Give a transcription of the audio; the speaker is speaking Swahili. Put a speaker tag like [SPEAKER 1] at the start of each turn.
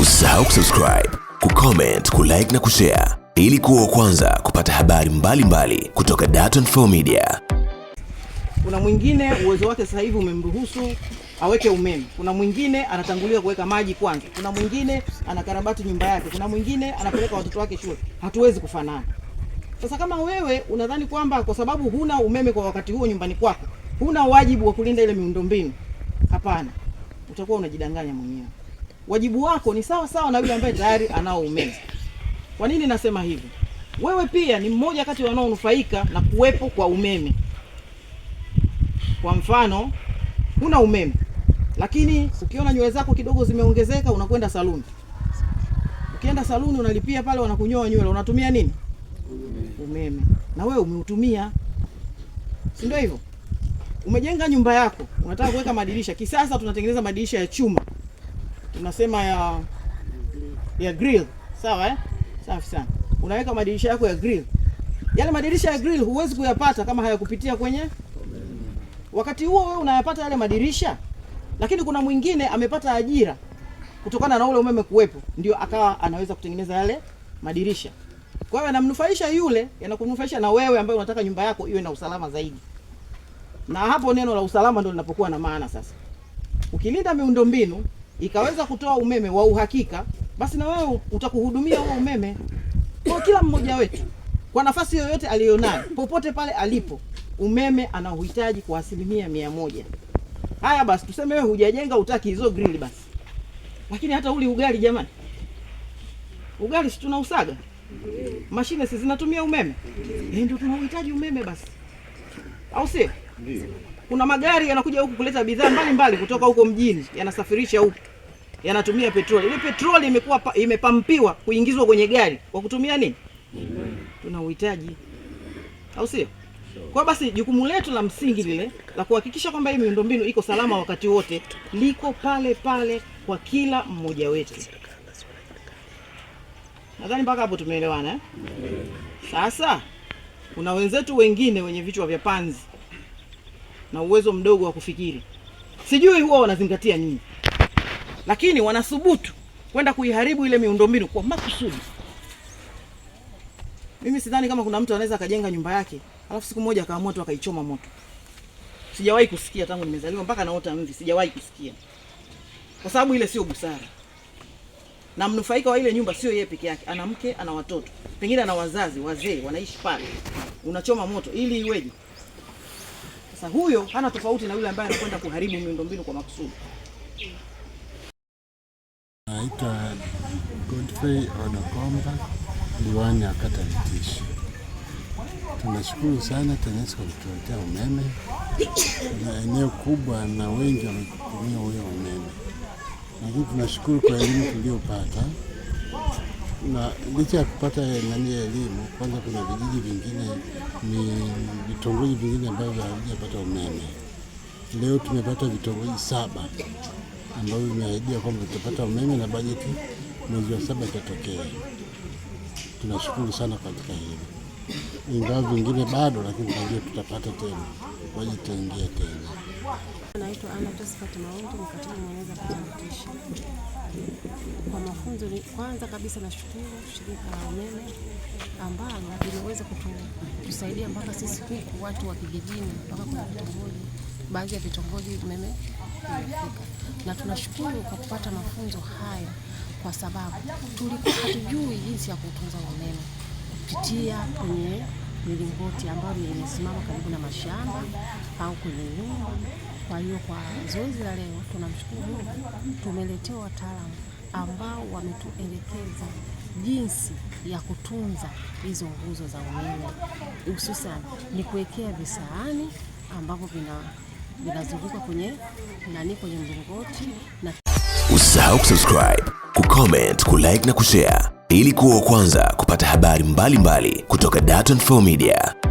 [SPEAKER 1] Usisahau kusubscribe, kucomment, kulike na kushare ili kuwa kwanza kupata habari mbalimbali mbali kutoka Dar24 Media.
[SPEAKER 2] Kuna mwingine uwezo wake sasa hivi umemruhusu aweke umeme, kuna mwingine anatangulia kuweka maji kwanza, kuna mwingine anakarabati nyumba yake, kuna mwingine anapeleka watoto wake shule. Hatuwezi kufanana. Sasa kama wewe unadhani kwamba kwa sababu huna umeme kwa wakati huo nyumbani kwako huna wajibu wa kulinda ile miundombinu, hapana, utakuwa unajidanganya mwenyewe wajibu wako ni sawa sawa na yule ambaye tayari anao umeme Kwa nini nasema hivi? Wewe pia ni mmoja kati wanaonufaika na kuwepo kwa umeme. Kwa mfano, una umeme lakini ukiona nywele zako kidogo zimeongezeka, unakwenda saluni. Ukienda saluni, unalipia pale, wanakunyoa nywele. Unatumia nini? Umeme. Na wewe umeutumia, si ndio hivyo? Umejenga nyumba yako, unataka kuweka madirisha kisasa, tunatengeneza madirisha ya chuma tunasema ya ya grill sawa eh? Safi sana. Unaweka madirisha yako ya grill. Yale madirisha ya grill huwezi kuyapata kama hayakupitia kwenye wakati huo wewe unayapata yale madirisha, lakini kuna mwingine amepata ajira kutokana na ule umeme kuwepo, ndio akawa anaweza kutengeneza yale madirisha. Kwa hiyo yanamnufaisha yule, yanakunufaisha na wewe ambaye unataka nyumba yako iwe na usalama zaidi, na hapo neno la usalama ndio linapokuwa na maana sasa. Ukilinda miundombinu ikaweza kutoa umeme wa uhakika, basi na wewe utakuhudumia huo umeme kwa kila mmoja wetu kwa nafasi yoyote aliyonayo popote pale alipo, umeme anauhitaji kwa asilimia mia moja. Haya basi, tuseme wewe hujajenga, utaki hizo grili basi, lakini hata uli ugali jamani, ugali si tunausaga, mashine si zinatumia umeme? Eh, ndio tunauhitaji umeme basi, au sio? Kuna magari yanakuja huku kuleta bidhaa mbalimbali kutoka huko mjini, yanasafirisha huku yanatumia petroli. Ile petroli imekuwa imepampiwa kuingizwa kwenye gari kwa kutumia nini? Tuna uhitaji, au sio? Kwa basi jukumu letu la msingi lile la kuhakikisha kwamba hii miundombinu iko salama wakati wote liko pale pale kwa kila mmoja wetu. Nadhani mpaka hapo tumeelewana eh? Sasa kuna wenzetu wengine wenye vichwa vya panzi na uwezo mdogo wa kufikiri, sijui huwa wanazingatia nini lakini wanathubutu kwenda kuiharibu ile miundombinu kwa makusudi. Mimi sidhani kama kuna mtu anaweza akajenga nyumba yake alafu siku moja akaamua tu akaichoma moto. Sijawahi kusikia tangu nimezaliwa mpaka naota mvi, sijawahi kusikia, kwa sababu ile sio busara, na mnufaika wa ile nyumba sio yeye peke yake, ana mke, ana watoto, pengine ana wazazi wazee wanaishi pale, unachoma moto ili iweje? Sasa huyo hana tofauti na yule ambaye anakwenda kuharibu miundombinu kwa makusudi.
[SPEAKER 3] Naitwa Godfrey Onokomba, diwani wa kata Litishi. Tunashukuru sana TANESCO kwa kutuletea umeme na eneo kubwa, na wengi wametumia huyo umeme, lakini tunashukuru kwa elimu tuliyopata, na licha ya kupata nani elimu, kwanza kuna vijiji vingine, ni vitongoji vingine ambavyo havijapata umeme. Leo tumepata vitongoji saba ambayo imeahidia kwamba tutapata umeme na bajeti mwezi wa saba itatokea. Tunashukuru sana katika hili, ingawa vingine bado, lakini tunajua tutapata tena, bajeti itaingia tena.
[SPEAKER 4] Naitwa Ana Josephat Maundi, ni katibu mwenezi kuandikisha kwa mafunzo. Kwanza kabisa nashukuru shirika la umeme ambalo limeweza kutusaidia mpaka sisi huku watu wa kijijini mpaka kwenye vitongoji, baadhi ya vitongoji umeme na tunashukuru kwa kupata mafunzo hayo, kwa sababu tulikuwa hatujui jinsi ya kutunza umeme kupitia kwenye milingoti ambayo imesimama karibu na mashamba au kwenye nyumba. Kwa hiyo kwa zoezi la leo tunamshukuru Mungu, tumeletewa wataalamu ambao wametuelekeza jinsi ya kutunza hizo nguzo za umeme, hususan ni kuwekea visaani ambavyo vina vinazunguka kwenye nani, kwenye mlingoti na...
[SPEAKER 1] Usisahau kusubscribe, kucomment, kulike na kushare ili kuwa wa kwanza kupata habari mbalimbali mbali kutoka Dar24 Media.